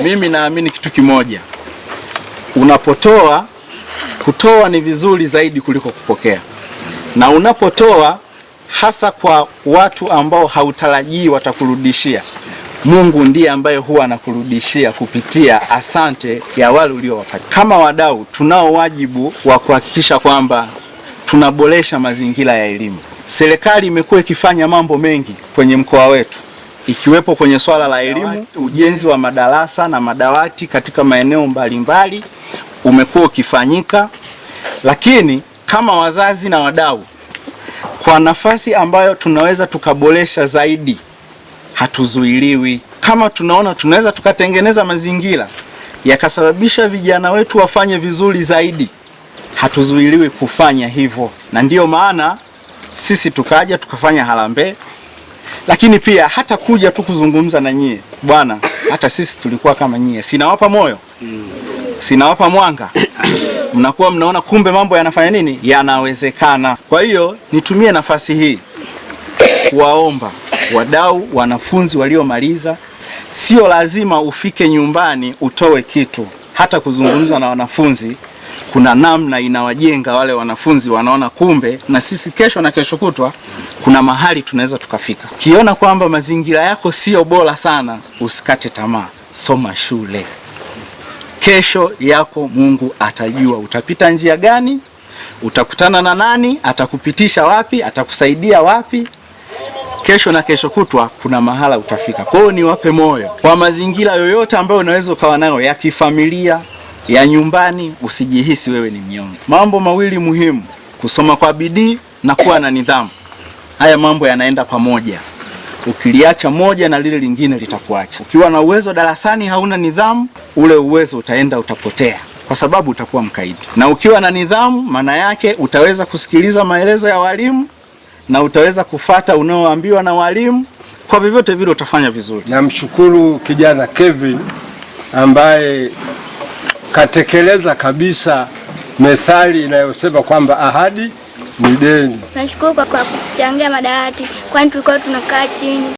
Mimi naamini kitu kimoja, unapotoa kutoa ni vizuri zaidi kuliko kupokea, na unapotoa hasa kwa watu ambao hautarajii watakurudishia, Mungu ndiye ambaye huwa anakurudishia kupitia asante ya wale uliowapata. Kama wadau, tunao wajibu wa kuhakikisha kwamba tunaboresha mazingira ya elimu. Serikali imekuwa ikifanya mambo mengi kwenye mkoa wetu ikiwepo kwenye swala la elimu, ujenzi wa madarasa na madawati katika maeneo mbalimbali umekuwa ukifanyika, lakini kama wazazi na wadau, kwa nafasi ambayo tunaweza tukaboresha zaidi, hatuzuiliwi. Kama tunaona tunaweza tukatengeneza mazingira yakasababisha vijana wetu wafanye vizuri zaidi, hatuzuiliwi kufanya hivyo, na ndiyo maana sisi tukaja tukafanya harambee, lakini pia hata kuja tu kuzungumza na nyie bwana, hata sisi tulikuwa kama nyie. Sinawapa moyo, sinawapa mwanga mnakuwa mnaona kumbe mambo yanafanya nini, yanawezekana. Kwa hiyo nitumie nafasi hii kuwaomba wadau, wanafunzi waliomaliza, sio lazima ufike nyumbani utoe kitu, hata kuzungumza na wanafunzi kuna namna inawajenga wale wanafunzi, wanaona kumbe na sisi kesho na kesho kutwa kuna mahali tunaweza tukafika. Ukiona kwamba mazingira yako sio bora sana, usikate tamaa, soma shule. Kesho yako Mungu atajua utapita njia gani, utakutana na nani, atakupitisha wapi, atakusaidia wapi. Kesho na kesho kutwa kuna mahala utafika. Kwa hiyo niwape moyo kwa mazingira yoyote ambayo unaweza ukawa nayo ya kifamilia ya nyumbani, usijihisi wewe ni mnyonge. Mambo mawili muhimu, kusoma kwa bidii na kuwa na nidhamu. Haya mambo yanaenda pamoja, ukiliacha moja na lile lingine litakuacha. Ukiwa na uwezo darasani, hauna nidhamu, ule uwezo utaenda utapotea kwa sababu utakuwa mkaidi. Na ukiwa na nidhamu, maana yake utaweza kusikiliza maelezo ya walimu na utaweza kufata unaoambiwa na walimu. Kwa vyovyote vile utafanya vizuri. Namshukuru kijana Kevin ambaye katekeleza kabisa methali inayosema kwamba ahadi ni deni. Nashukuru kwa kuchangia madawati, kwani tulikuwa tunakaa chini